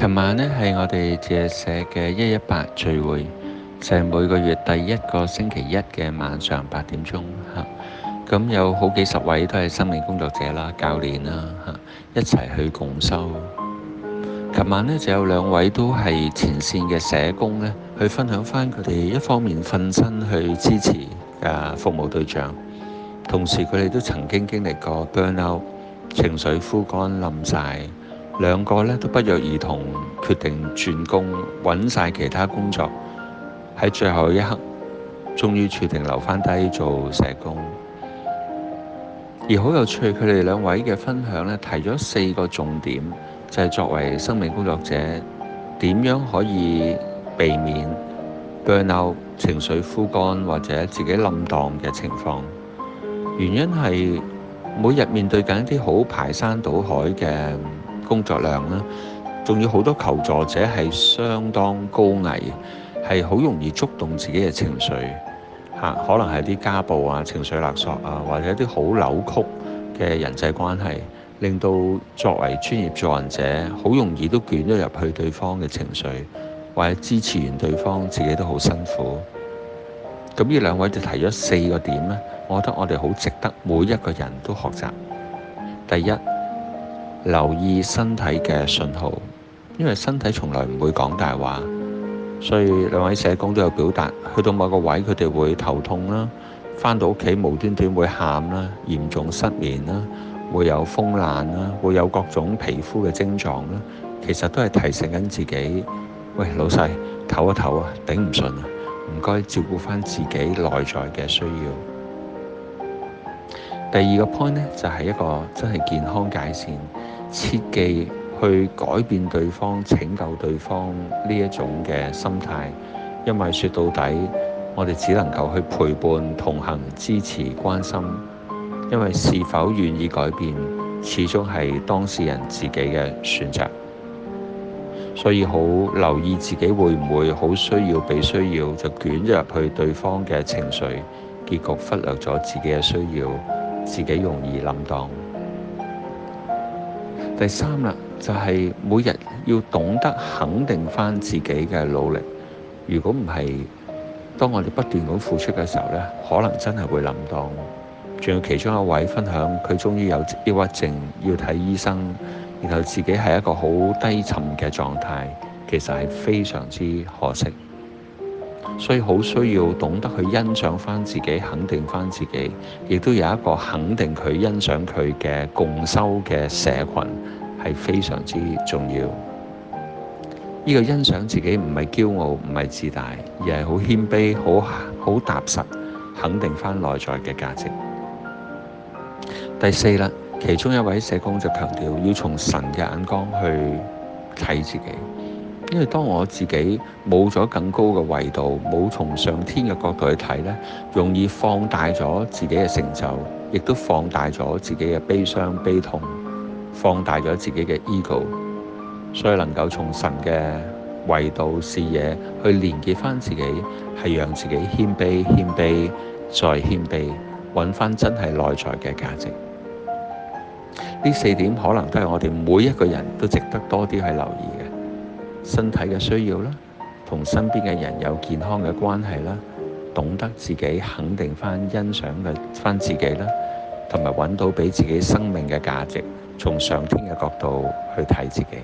琴晚呢係我哋自在社嘅一一八聚會，就係每個月第一個星期一嘅晚上八點鐘吓，咁有好幾十位都係生命工作者啦、教練啦吓，一齊去共修。琴晚呢就有兩位都係前線嘅社工呢，去分享翻佢哋一方面瞓身去支持誒服務對象，同時佢哋都曾經經歷過 burn out 情緒枯乾冧晒。兩個咧都不約而同決定轉工，揾晒其他工作，喺最後一刻終於決定留翻低做社工。而好有趣，佢哋兩位嘅分享咧提咗四個重點，就係、是、作為生命工作者點樣可以避免 burn out 情緒枯乾或者自己冧宕嘅情況。原因係每日面對緊一啲好排山倒海嘅工作量啦，仲要好多求助者係相當高危，係好容易觸動自己嘅情緒吓、啊，可能係啲家暴啊、情緒勒索啊，或者啲好扭曲嘅人際關係，令到作為專業助人者好容易都捲咗入去對方嘅情緒，或者支持完對方自己都好辛苦。咁呢兩位就提咗四個點呢，我覺得我哋好值得每一個人都學習。第一。留意身體嘅信號，因為身體從來唔會講大話，所以兩位社工都有表達，去到某個位佢哋會頭痛啦，返到屋企無端端會喊啦，嚴重失眠啦，會有風爛啦，會有各種皮膚嘅症狀啦，其實都係提醒緊自己，喂，老細唞一唞啊，頂唔順啊，唔該照顧返自己內在嘅需要。第二個 point 呢，就係一個真係健康界線。切忌去改變對方、拯救對方呢一種嘅心態，因為説到底，我哋只能夠去陪伴、同行、支持、關心，因為是否願意改變，始終係當事人自己嘅選擇。所以好留意自己會唔會好需要被需要，就捲入去對方嘅情緒結局，忽略咗自己嘅需要，自己容易冧當。第三啦，就係、是、每日要懂得肯定返自己嘅努力。如果唔係，當我哋不斷咁付出嘅時候，呢可能真係會冧檔。仲有其中一位分享，佢終於有抑鬱症，要睇醫生，然後自己係一個好低沉嘅狀態，其實係非常之可惜。所以好需要懂得去欣賞翻自己，肯定翻自己，亦都有一個肯定佢、欣賞佢嘅共修嘅社群，係非常之重要。呢個欣賞自己唔係驕傲，唔係自大，而係好謙卑、好好踏實，肯定翻內在嘅價值。第四啦，其中一位社工就強調，要從神嘅眼光去睇自己。因為當我自己冇咗更高嘅維度，冇從上天嘅角度去睇咧，容易放大咗自己嘅成就，亦都放大咗自己嘅悲傷悲痛，放大咗自己嘅 ego，所以能夠從神嘅維度視野去連結翻自己，係讓自己謙卑謙卑再謙卑，揾翻真係內在嘅價值。呢四點可能都係我哋每一個人都值得多啲去留意。身體嘅需要啦，同身邊嘅人有健康嘅關係啦，懂得自己肯定返、欣賞嘅返自己啦，同埋揾到俾自己生命嘅價值，從上天嘅角度去睇自己。